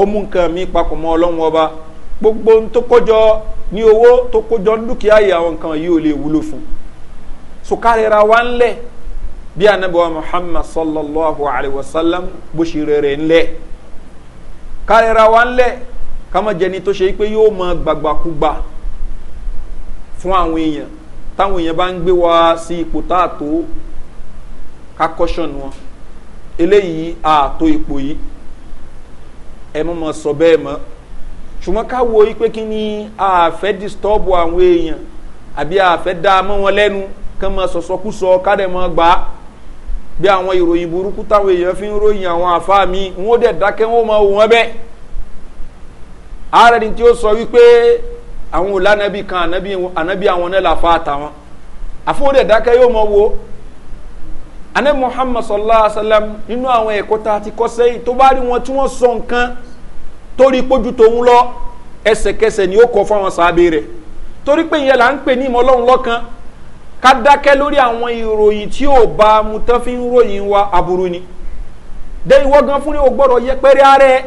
ó mú nǹkan míì papọ̀ mọ́ ọlọ́run ọba gbogbo ohun tó kójọ ní owó tó kójọ ní dúkìá yìí àwọn nǹkan yìí ò lè wúlò fún sùkárìra wa ńlẹ̀ bí anabiwa muhammad sallallahu alayhi wa sallam bó ṣe rere ńlẹ̀ kárìra wa ńlẹ̀ kama jẹni tó ṣe pé yóò mọ gbàgbàkúgbà fún àwọn èèyàn táwọn èèyàn bá ń gbé wa sí ipò táàtó kakọ́ṣọ̀nù wọn eléyìí ààtò ipò yìí ẹ mọ̀ mọ̀ sọ bẹ́ẹ̀ mọ́ ṣùgbọ́n ká wo yí pé kí ni àfẹ́ distọ́bù àwọn èèyàn àbí àfẹ́ dá mọ́ wọn lẹ́nu kán mọ́ sọ̀sọ́kúsọ kárẹ̀ mọ́ gbà á bí àwọn ìròyìn burúkú táwọn èèyàn fi ń ròyìn àwọn àfáà mi wọn ó dẹ̀ dákẹ́ wọn mọ́ wọn bẹ́ẹ̀ ààrẹ ni tí ó sọ wípé àwọn olànàbí kan ànábì àwọn náà là fa àtàwọn àfọwọ́ dẹ̀ dákẹ́ yóò mọ́ wo ànábì muhammad sallallahu alayhi wa sallam nínú àwọn ẹ̀kọ́ tá a ti kọ́ sẹ́yìn tó bá rí wọn tí wọ́n sọ nǹkan torí pójú tòun lọ ẹsẹ̀kẹsẹ̀ ni ó kọ fáwọn sábẹ́ rẹ torí pé ìyẹn là ń pè ní ìmọ̀ ọlọ́run lọ́kan ká dákẹ́ lórí àwọn ìròyìn tí ò bá mu tán fi ń ròyìn wa aburú ni dé ìwọ gan fún ní o gbọ́dọ̀ yẹpẹ́rẹ́ ara ẹ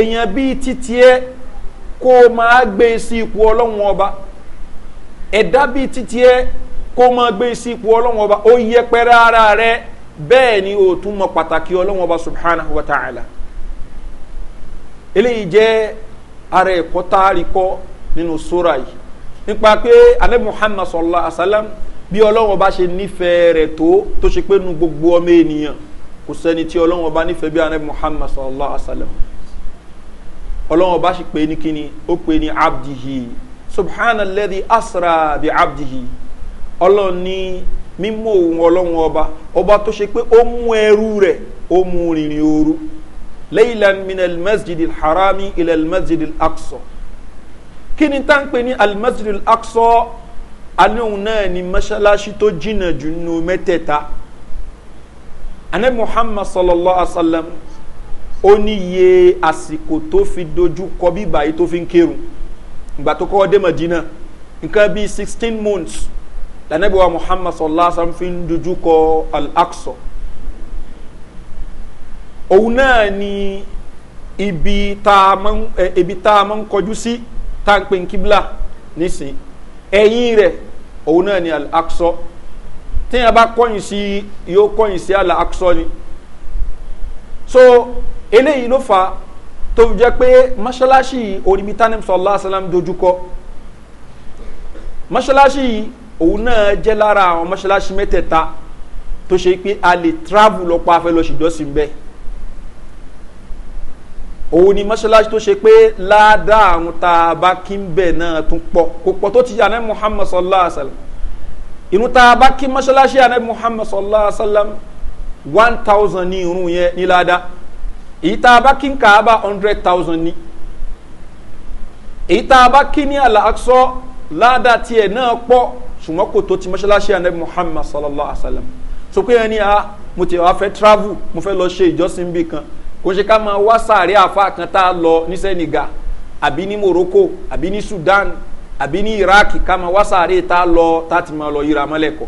èèyàn bíi títí ẹ kó o máa gbé e sí ipò ọlọ́run ọba ẹ̀dá bíi títí ẹ kó o máa gbé e sí ipò ọlọ́run ọba ó yẹpẹ́rẹ́ ara rẹ bẹ́ẹ̀ ni o tún mọ pàtàkì ọlọ́run ọba subhanahu wa ta'ala. eléyìí jẹ́ ara ẹ̀kọ́ tá a rí kọ́ nínú sóra yìí nípa pé anabi muhammad sallallahu alaihi wa sallam bí ọlọ́wọ́ bá ṣe nífẹ̀ẹ́ rẹ̀ tó tó ṣe pé nu gbogbo ọmọ ènìyàn kò sẹ́ni tí ọlọ́wọ́ bá nífẹ̀ẹ́ bí anabi muhammad sallallahu alaihi wa sallam ọlọ́wọ́ bá ṣe pé ní kíni ó pé ní abdihi subhana asra bi abdihi ọlọ́run ní mímú òun ọlọ́wọ́ ọba ọba tó ṣe pé ó mú ẹrú rẹ̀ ó mú rìnrìn ooru leilan min almasjid alharami ila almasjid alaqsa kí ni tá n pè ní almasjid alaqsa aníhun náà ni mọ́ṣáláṣí tó jìnnà jù nù mẹ́tẹ̀ẹ̀ta anabi muhammad sallallahu alaihi wa sallam ó ní iye àsìkò tó fi dojú kọ bí báyìí tó fi ń kírun ìgbà tó kọ́ madina nǹkan bíi sixteen months lànàbíwá muhammad sallallahu alaihi wa fi ń dojú kọ al òun náà ni ibi tá a máa ń kọjú sí tá a ń pè ní kíbla nísìn ẹ̀yìn rẹ̀ òun náà ni al-aqsọ tí a bá kọ́yìn sí yóò kọ́yìn sí al-aqsọ ni so eléyìí ló fa tó fi jẹ́ pé mọ́ṣáláṣí oníbi tánimsọ aláṣálám dojúkọ mọ́ṣáláṣí òun náà jẹ́ lára àwọn mọ́ṣáláṣí mẹ́tẹ̀ẹ̀ta tó ṣe pé a lè travel lọ́pọ̀ afẹ́ lọ́ṣìdọ́sìn bẹ́ẹ̀ òun ni mọ́ṣáláṣí tó ṣe pé ládàá àwọn tá a bá kí ń bẹ̀ náà tún pọ̀ kò pọ̀ tó ti yà ní muhammed sallallahu alayhi wa sallam irun tá a bá kí mọ́ṣáláṣí yà ní muhammed sallallahu alayhi wa sallam one thousand ní irun yẹn ní ládàá èyí tá a bá kí ń kà á bá hundred thousand ní èyí tá a bá kí ní àlàáksọ́ ládàá tiẹ̀ náà pọ̀ ṣùgbọ́n kò tó ti mọ́ṣáláṣí yà muhammed sallallahu alayhi wa sallam so pé ẹni a ah, mo ti wá fẹ́ travel mo fẹ́ lọ ṣe ìjọsìn bì kò ṣe ká máa wá sàárẹ̀ àfa kan tá a lọ ní senegal àbí ní morocco àbí ní sudan àbí ní iraq ká máa wá sàárẹ̀ tá a lọ tá a ti máa lọ yíra mọ́lẹ́kọ̀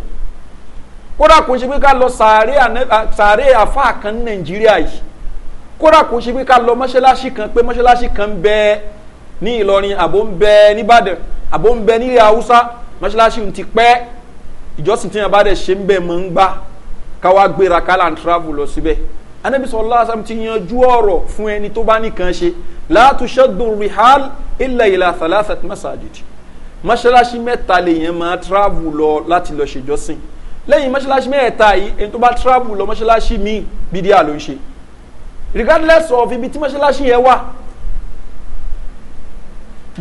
kódà kò ṣe pé ká lọ sàárẹ̀ àfa kan ní nàìjíríà yìí kódà kò ṣe pé ká lọ mọ́ṣáláṣí kan pé mọ́ṣáláṣí kan ń bẹ ní ìlọrin àbò ń bẹ nìbàdàn àbò ń bẹ nílẹ̀ haúsá mọ́ṣáláṣí ti pẹ́ ìjọsìn tí wọn bá dẹ̀ ṣe ń bẹ̀ mọ́ ń gbá káwá gbéra kálá ń travel lọ síbẹ̀. Si anabi sọlá asam ti yanjú ọ̀rọ̀ fún ẹni tó bá nìkan ṣe láàtú ṣẹ́dùn rihal ilẹ̀ ìlà thalathat masajid mọ́ṣáláṣí mẹ́ta lèèyàn máa travel lọ láti lọ ṣèjọ́sìn lẹ́yìn mọ́ṣáláṣí mẹ́ta yìí ẹni tó bá travel lọ mọ́ṣáláṣí míì bídíà ló ń ṣe regardless of ibi tí mọ́ṣáláṣí yẹn wà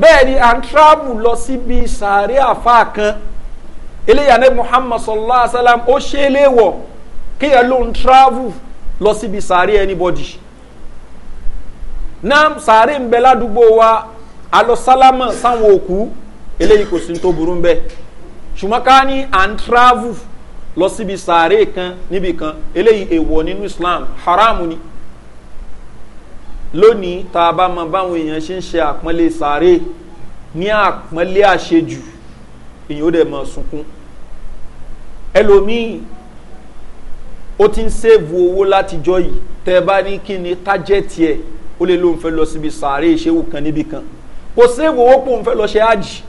bẹ́ẹ̀ ni à ń travel lọ síbi sàárẹ̀ àfa kan eléyà ní muhammad sallallahu alayhi wa ó ṣe é léwọ̀ kéèyàn ló ń travel lọ síbi sàárè anybody náà sàárè ń bẹ ládùúgbò wa alọ sálámà sáwọn òkú eléyìí kò sí tó burú ń bẹ ṣùgbọ́n ká ní à ń travel lọ síbi sàárè kan níbi kan eléyìí èèwọ̀ nínú islam haram ni lónìí tá a bá mọ báwọn èèyàn ṣe ń ṣe àpọ́nlé sàárè ní àpọ́nlé àṣejù èèyàn ó dẹ̀ mọ̀ sunkún ẹlòmíì ó ti ń sèvù owó látijọ́ yìí tẹ́ ẹ bá ní kí ni tájẹ́tì ẹ̀ ó lè lóun fẹ́ lọ síbi sàárè ìṣẹ́wò kan níbi kan kò sèvù owó pòun fẹ́ lọ ṣe ájì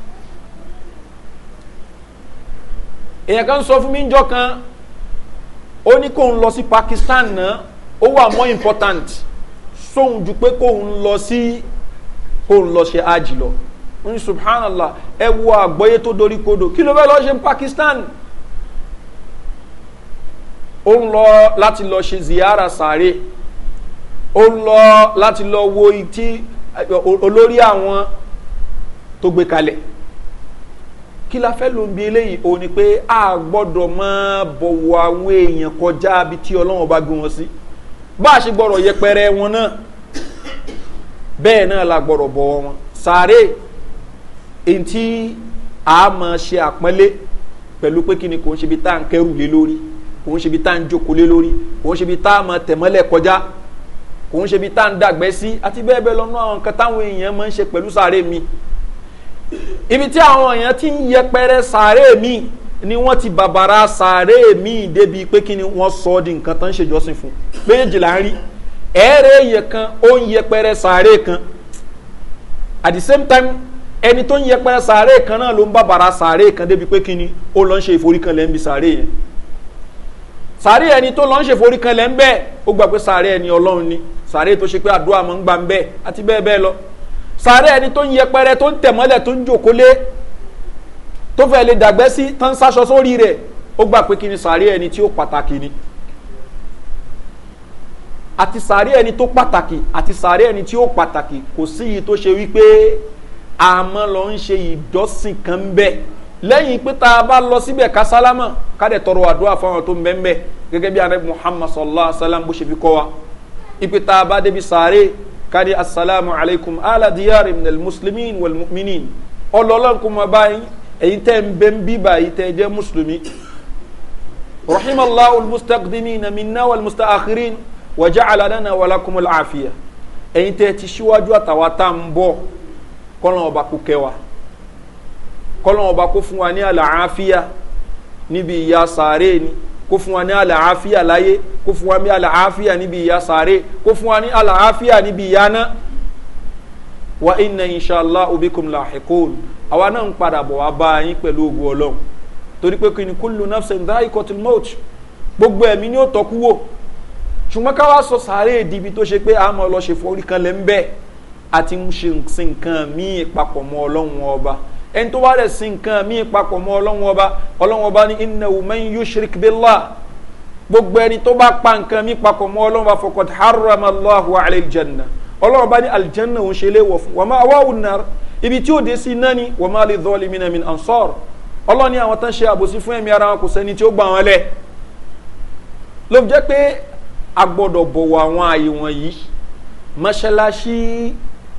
èèyàn kan sọ fún mi njọ́ kan ó ní kóun lọ sí pakistan náà ó wà more important sóhun ju pé kóun lọ sí kóun lọ ṣe ájì lọ ní subhanallah ẹ wo àgbọ́yé tó dorí kodò kí ló fẹ́ lọ ṣe pakistan ó ń lọ láti lọ ṣe ziyara sáré ó ń lọ láti lọ wo ìtí olórí àwọn tó gbé kalẹ̀ kí la fẹ́ ló ń bi eléyìí o ni pé a gbọ́dọ̀ máa bọ̀wọ̀ àwọn èèyàn kọjá bí tí ọlọ́run bá gbé wọn sí bá a ṣe gbọ́dọ̀ yẹpẹrẹ wọn náà bẹ́ẹ̀ náà la gbọ́dọ̀ bọ̀wọ̀ wọn sáré èyí tí a máa ṣe àpọ́nlé pẹ̀lú pé kí ni kò ń ṣe bí tá à ń kẹ́rù lé lórí kò ń ṣe bí tá à ń jókòó lé lórí kò ń ṣe bí tá à máa tẹ̀mọ́lẹ̀ kọjá kò ń ṣe bí tá ń dàgbẹ́ sí àti bẹ́ẹ̀ bẹ́ẹ̀ lọ́nà àwọn nǹkan táwọn èèyàn máa ń ṣe pẹ̀lú sàárè mi ibi tí àwọn èèyàn ti ń yẹpẹrẹ sàárè mi ni wọ́n ti bàbàrà sàárè mi débi pé kí ni wọ́n sọ ọ́ di nǹkan tán ń ṣèjọsìn fún méjì là ń rí ẹ̀ẹ́rẹ́ èèyàn kan ó ń yẹpẹrẹ sàárè kan at the same time ẹni tó ń yẹpẹrẹ sàárè kan náà ló ń bàbàrà sàárè kan débi pé kí ni ó lọ ń ṣe ìforíkanlẹ̀ ń bi sàárè yẹn sàárè ẹni tó lọ ń ṣèforí kan lẹ́ ń bẹ́ẹ̀ ó gbà pé sàárè ẹni ọlọ́run ni sàárè tó ṣe pé àdúrà mọ́ ń gbà ń bẹ́ẹ̀ àti bẹ́ẹ̀ bẹ́ẹ̀ lọ sàárè ẹni tó ń yẹpẹrẹ tó ń tẹ̀mọ́lẹ̀ tó ń jòkólé tó fẹ́ lè dàgbẹ́ sí tó ń sáṣọ sórí rẹ̀ ó gbà pé kí ni sàárè ẹni tí ó pàtàkì ni àti sàárè ẹni tó pàtàkì àti sàárè ẹni tí ó pàtàkì kò sí iye tó ṣe wípé àmọ́ lọ ń ṣe ìdọ́sìn kan bẹ́ẹ̀ lẹ́yìn pé tá a bá lọ síbẹ̀ ká sálámà ká dẹ̀ tọrọ àdúrà fáwọn tó ń bẹ́ẹ̀ bẹ́ẹ̀ gẹ́gẹ́ bí anabi muhammad sallallahu alaihi wa sallam bó ṣe fi kọ́ wa ipe tá a bá débi sàárè ká ní asalaamu alaykum ala diyari minal muslimin wal mu'minin ọlọ́lọ́n kò báyìí ẹ̀yin tẹ́ ń bẹ́ẹ̀ bí báyìí tẹ́ jẹ́ mùsùlùmí rahimallahu almustaqdimin minna wal mustaakhirin wàjà alalana walakum alaafiya ẹ̀yin tẹ́ ti ṣíwájú àtàwátà ń bọ̀ kọ́ńtà ọba kò kẹwàá kọ́lọ́wọ́n ọba kó fún wa ní àlàáfíà níbi ìyá sàárè ni kó fún wa ní àlàáfíà láyé kó fún wa ní àlàáfíà níbi ìyá sàárè kó fún wa ní àlàáfíà níbi ìyá náà wa inna inshallah obikum lahikun àwa náà ń padà bọ̀ wá bá yín pẹ̀lú ogun ọlọ́run torí pé kí ni kúlù nafsẹ̀ ń dá ikọ̀tún mọ́ọ̀t gbogbo ẹ̀mí ni ó tọ́kú wò ṣùgbọ́n ká wá sọ sàárè ìdíbi tó ṣe pé a máa lọ ṣe forí kan lẹ́ àti ń ṣe nǹkan míì papọ̀ mọ́ ọlọ́run ọba ẹni tó wá rẹ̀ sí nǹkan míì papọ̀ mọ́ ọlọ́run ọba ọlọ́run ọba ní iná wùmẹ́yìn yóò ṣerékì bí lá gbogbo ẹni tó bá pa nǹkan míì papọ̀ mọ́ ọlọ́run ọba fọkàn haram allahu alayhi janna ọlọ́run ọba ní aljanna òun ṣe lé wọ̀ fún wàmọ́ awáwù nàr ibi tí ó dé sí iná ni wàmọ́ alẹ́ dọ́ọ̀lì mi nàmi ansọ́r ọlọ́ni àwọn tán ṣe àbòsí fún ẹ̀mí ara wọn kò sẹ́ni tí ó gbà wọn lẹ̀ ló jẹ́ pé a gbọ́dọ̀ bọ̀wọ̀ àwọn àyè wọ̀nyí mọ́ṣáláṣí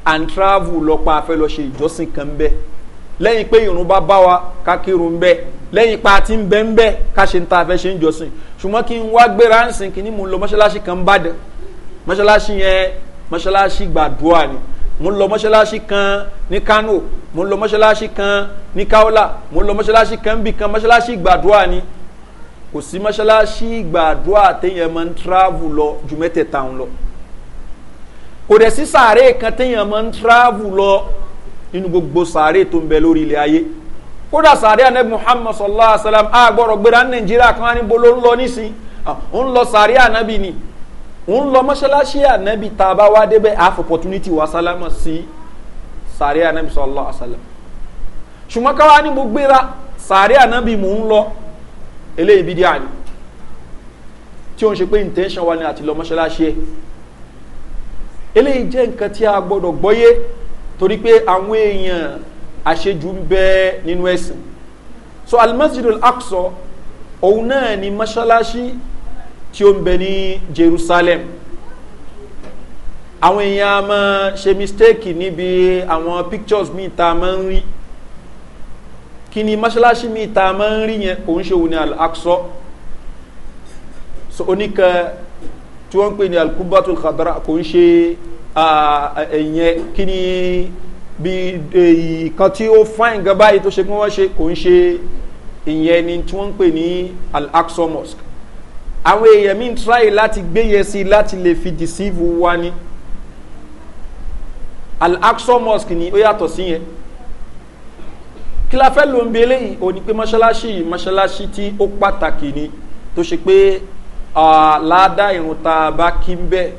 and travel lọ́pàá afẹ́ lọ ṣe ìjọsìn kan bẹ́ẹ̀ lẹ́yìn pé irun bá bá wa ká kírun ń bẹ́ lẹ́yìn pa àti ń bẹ́ ń bẹ́ ká ṣe ń ta afẹ́ ṣe ń jọsìn ṣùgbọ́n kí n wá gbéra ń sìn kí ni mo lọ mọ́ṣáláṣí kan bá dẹ̀ mọ́ṣáláṣí yẹn mọ́ṣáláṣí gbàdúrà ni mo lọ mọ́ṣáláṣí kan ní kano mo lọ mọ́ṣáláṣí kan ní kaola mo lọ mọ́ṣáláṣí kan bì kan mọ́ṣáláṣí gbàdúrà ni kò sí mọ́ṣáláṣí gbàdúrà téèyàn máa ń tíráàvù lọ ju mẹ́tẹ̀ẹ̀ta lọ kò dẹ̀ sí sàárè kan téèyàn máa ń tíráàvù lọ nínú gbogbo sàárè tó ń bẹ lórí ilẹ̀ ayé kódà sàárè anabi muhammad sallallahu alaihi wa sallam àgbọ̀rọ̀ gbéra ní nàìjíríà kan ní bolo ń lọ nísìn ah, ń lọ sàárè anabi ni ń lọ mọ́ṣáláṣí anabi tá a bá wá débẹ̀ half opportunity wa sálámà sí sàárè anabi sallallahu alaihi wa sallam ṣùgbọ́n káwá ni mo gbéra sàárè anabi mò ń lọ eléyìí bí díà ni tí ó ń ṣe pé intention wa ni àti lọ mọ́ṣáláṣí ẹ eléyìí jẹ́ nǹkan tí a gbọ́dọ̀ gbọ́yé torí pé àwọn èèyàn àṣejù ń bẹ nínú ẹ̀sìn so almasjid al-aqsa òun náà ni mọ́ṣáláṣí tí ó ń bẹ ní jerusalem àwọn èèyàn a máa ṣe mistake níbi àwọn pictures mi tá a máa ń rí kí ni mọ́ṣáláṣí míì tá a ń rí yẹn òun ṣe òun ni al-aqsa so oníkan tí wọ́n ń pè ní al-kubatul khadra kò ń ṣe ẹ̀yẹn kí ni bí ìkan tí ó fáìn gan báyìí tó ṣe pé wọ́n ṣe kò ń ṣe ìyẹn ni tí wọ́n ń pè ní al-aqsa mosque àwọn èèyàn mi ń tíráyè láti gbéyẹ sí i láti lè fi dìsíìfù wá ní al-aqsa mosque ni ó yàtọ̀ sí yẹn kí la fẹ́ ló ń bi ò ní pé mọ́ṣáláṣí yìí mọ́ṣáláṣí tí ó pàtàkì ni tó ṣe pé láàdá ìrùn tá a bá kí ń bẹ́ẹ̀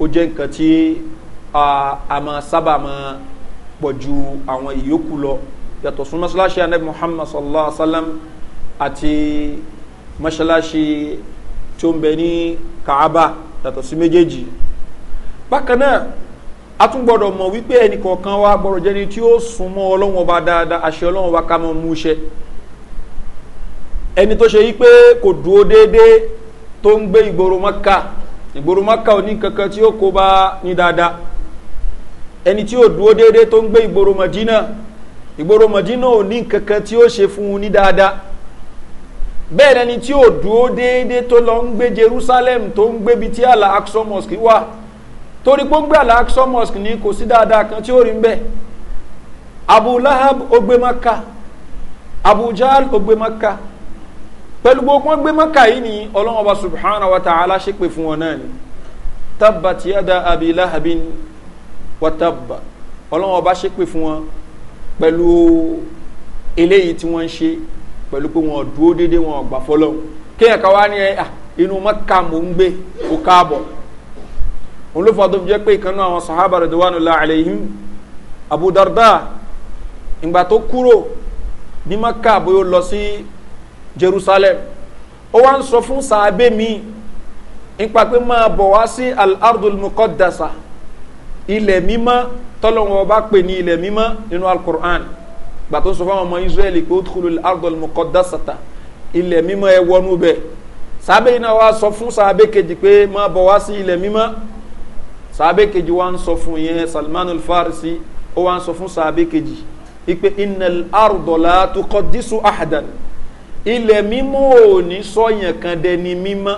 ó jẹ́ nǹkan tí a máa sábà máa pọ̀ ju àwọn ìyókù lọ yàtọ̀ sún mọ́ṣáláṣí anabi muhammad sallallahu alaihi wa sallam àti mọ́ṣáláṣí tí ó ń bẹ ní kaaba yàtọ̀ sí méjèèjì bákan náà a tún gbọ́dọ̀ mọ̀ wípé ẹnì kọ̀ọ̀kan wa gbọ́dọ̀ jẹ́ni tí ó sùn mọ́ ọlọ́wọ́n ọba dáadáa àṣẹ ọlọ́wọ́n ọba ká mọ́ mú iṣẹ́ ẹni tó ṣe yí pé kò dúró déédéé tó ń gbé ìgboro mọ́ká ìgboro maka ò ní kankan tí ó kó bá ní dáadáa ẹni tí ó dúró déédéé tó ń gbé ìgboro madina ìgboro madina ò ní kankan tí ó ṣe fún un ní dáadáa bẹ́ẹ̀ ni ẹni tí ó dúró déédéé tó lọ ń gbé jerusalem tó ń gbébi tí àlà axon mosque wà torí pé ó ń gbé àlà axon mosque ní kò sí dáadáa kan tí ó rí ń bẹ́ẹ̀ abu lahab ó maka abu jahl ó maka pẹ̀lú gbogbo wọn gbé mọ́kà yìí ni ọlọ́wọ́n ọba subhana wa ta'ala ṣe pé fún wọn náà ni tabba ti yada abila habin wa tabba ọlọ́wọ́n ọba ṣe pé fún wọn pẹ̀lú eléyìí tí wọ́n ń ṣe pẹ̀lú pé wọn dúró déédéé wọn gbà fọlọ́ kéèyàn ká wá ní ẹ inú mọ́kà mò ń gbé kó káàbọ̀ òun ló fọ́ tó jẹ́ pé ìkànnì àwọn sahaba rẹ̀ tó wà yìí abu ìgbà tó kúrò ní mọ́kà bóyá lọ sí jerusalem ó wá ń sọ fún sàábé mi nípa pé máa bọ̀ wá sí al-ardul mukaddasa ilẹ̀ mímọ́ tọ́lọ́wọ́n ọba pè ní ilẹ̀ mímọ́ nínú al-qur'an gbà tó ń sọ fún àwọn ọmọ israẹli pé ó tukulu al-ardul mukaddasa ta ilẹ̀ mímọ́ ẹ wọnú bẹ̀ sàábé yìí náà wá sọ fún sàábé kejì pé máa bọ̀ wá sí ilẹ̀ mímọ́ sàábé kejì wá ń sọ fún yẹn salman al-farisi ó wá ń sọ fún sàábé kejì ipe inna al-ardola tukọ̀ ahadan. ilẹ̀ mímọ́ ò ní sọ́yàn kan dẹni mímọ́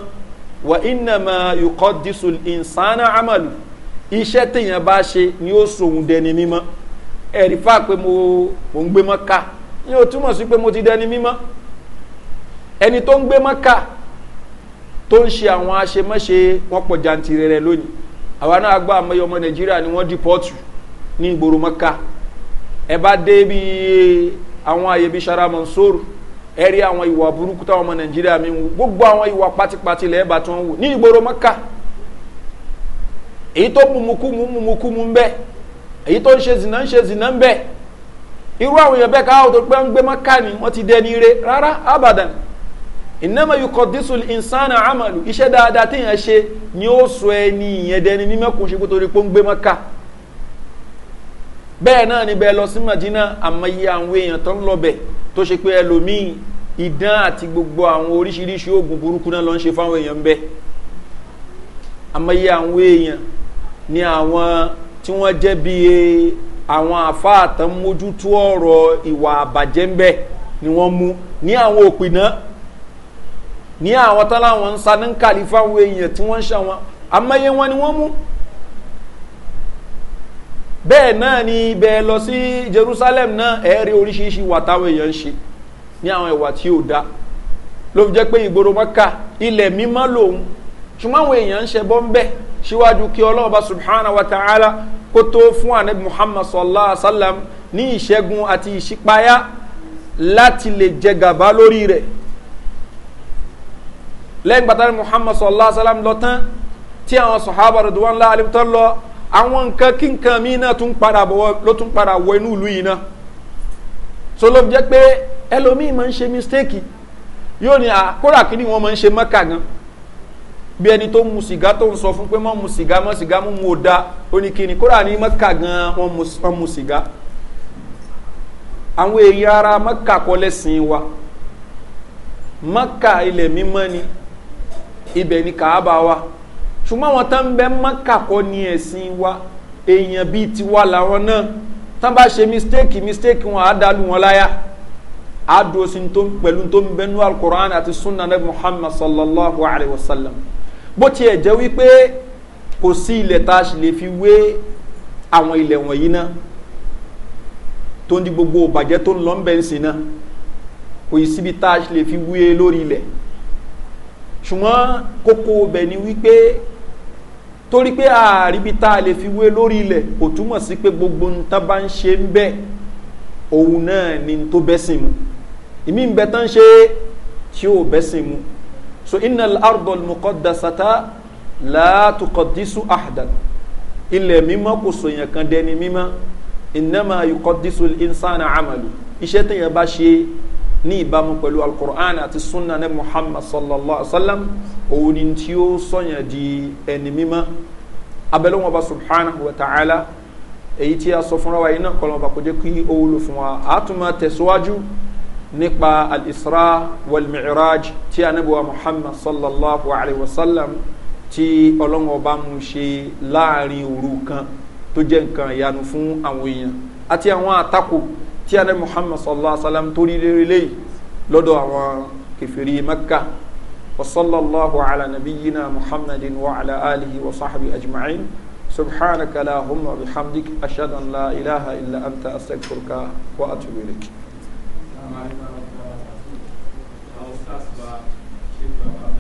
wà ìnàmà yòkọ́ dísù ìsánà àmàlù iṣẹ́ tèèyàn bá ṣe ni ó sòun dẹni mímọ́ ẹ̀rí fà pé mo ń gbé mọ́ ká ní o mo ti dẹni mímọ́ ẹni tó ń gbé mọ́ ká tó ń ṣe àwọn aṣemọ́ṣe wọ́n pọ̀ jàǹtìrẹ rẹ lónìí àwa ọmọ nàìjíríà ni wọ́n ní ìgboro mọ́ ká ẹ bá dé sara ẹ̀rí àwọn ìwà burúkú táwọn ọmọ nàìjíríà mi wù gbogbo àwọn ìwà pátípátí lẹ́ẹ̀bà tó ń wù ní ìgboro mọ́kà èyí tó mumukumu mu ń bẹ́ èyí tó ń ṣe zina ń ṣe zìnà ń bẹ́ irú àwọn èèyàn bẹ́ẹ̀ káwọn tó pẹ́ ń gbé ni ti dẹni ire rárá abadan ìnáma yukọ̀ dísùl ìnsánà amalu iṣẹ́ dáadáa téèyàn ṣe ni ó sọ ẹni ìyẹn dẹni mímẹ́kùn ṣe kó torí pé ń gbé bẹ́ẹ̀ náà ni bẹ́ẹ̀ lọ sí madina àmọ́ tó ṣe pé ẹlòmíì ìdán àti gbogbo àwọn oríṣiríṣi oògùn burúkú náà lọ ń ṣe fáwọn èèyàn bẹ́ẹ̀ amáyé àwọn èèyàn ni àwọn tí wọ́n jẹ́ bí àwọn àfáà tán mójútó ọ̀rọ̀ ìwà àbàjẹ́ ń bẹ́ẹ̀ ni wọ́n mú ní àwọn òpìnà ní àwọn tán láwọn ń sa ní kàlífà àwọn èèyàn tí wọ́n ń ṣàwọn amáyé wọn ni wọ́n mú bẹ́ẹ̀ náà ni ibẹ̀ lọ sí jerusalem náà ẹ̀ẹ́rì oríṣiríṣi wà táwọn èèyàn ń ṣe ní àwọn ìwà tí ò da ló fi jẹ́ pé ìgboro mọ́kà ilẹ̀ mímọ́ lòun ṣùgbọ́n àwọn èèyàn ń ṣe bọ́ ń bẹ̀ síwájú kí ọlọ́run subhanahu wa ta'ala kó tó fún anabi muhammad sallallahu alaihi wa sallam ní ìṣẹ́gun àti ìṣípayá láti lè jẹ gàba lórí rẹ̀ lẹ́yìn gbàtà muhammad sallallahu alaihi wa sallam lọ tán tí àwọn sọ̀hábà rẹ̀ dùwọ́n ńlá alẹ́ tán lọ àwọn nǹkan kí nǹkan míì náà tún padà bọ̀ ló tún padà wọ inú ìlú yìí náà so ló jẹ́ pé ẹlòmíì máa ń ṣe mistake yóò ní àkórà kí ni wọ́n máa ń ṣe mọ́kà gan bí ẹni tó mu sìgá tó ń sọ fún pé mọ́ mu sìgá mọ́ sìgá mú mu ò da oníkìní kódà ní mọ́kà gan wọ́n mu sìgá àwọn èèyàn ara mọ́kà kọ́ lẹ́sìn wa mọ́kà ilẹ̀ mímọ́ ni ibẹ̀ ni kàábà wa ṣùgbọ́n àwọn tán bẹ mọ́kàkọ́ ní ẹ̀sìn wa èèyàn bíi tiwa làwọn náà tán bá ṣe mistake mistake wọn á dàlú wọn láyà á dúró sí pẹ̀lú tó ń bẹnu alukur'an àti sunna nabi muhammad sallallahu alayhi wa sallam bó tiẹ̀ jẹ́ wípé kò sí ilẹ̀ tá a sì lè fi wé àwọn ilẹ̀ wọ̀nyí náà tó ń di gbogbo ìbàjẹ́ tó ń lọ ń ń sìn náà kò yí síbi tá a lè fi wé lórí ilẹ̀ ṣùgbọ́n kókó bẹ̀ ni wípé torí pé àríbi tá a lè fi wé lórí ilẹ̀ kò túmọ̀ sí pé gbogbo ń tán bá ń ṣe ń bẹ́ òun náà ni tó bẹ́sìn mu ìmí ń bẹ tán ṣe tí ó bẹ́sìn mu so iná ardol mukodasata látùkọ̀dísù àdàn ilẹ̀ mímọ́ kò sòyàn kan dẹni mímọ́ ìnáma yukọ̀dísù ìnsánà àmàlù iṣẹ́ tẹ̀yàn bá ṣe ní ìbámu pẹ̀lú alukur'an àti sunna ní muhammad sallallahu alaihi wa sallam òun ni tí ó sọ̀yà di ẹni mímọ́ abẹ́lẹ́ wọn bá subhanahu wa ta'ala èyí tí a sọ fúnra wa yìí náà kọ́ lọ́wọ́ bá kó jẹ́ kí ó wúlò fún wa àtúmọ̀ tẹ̀síwájú nípa al-isra wal-mi'raj tí anabiwa muhammad sallallahu alaihi wa sallam tí ọlọ́wọ́ mú ṣe láàrin òru kan tó jẹ́ nǹkan ìyanu fún àwọn èèyàn àti àwọn àtakò tí a ní muhammad sallallahu alaihi wa sallam torí lérelé lọ́dọ̀ àwọn kẹfìrí mẹ́ka wasallallahu ala nabiyina muhammadin wa ala alihi wa sahbi ajma'in subhanaka la humna bihamdik ashadu an la ilaha illa anta astaghfiruka wa atubu ilayk.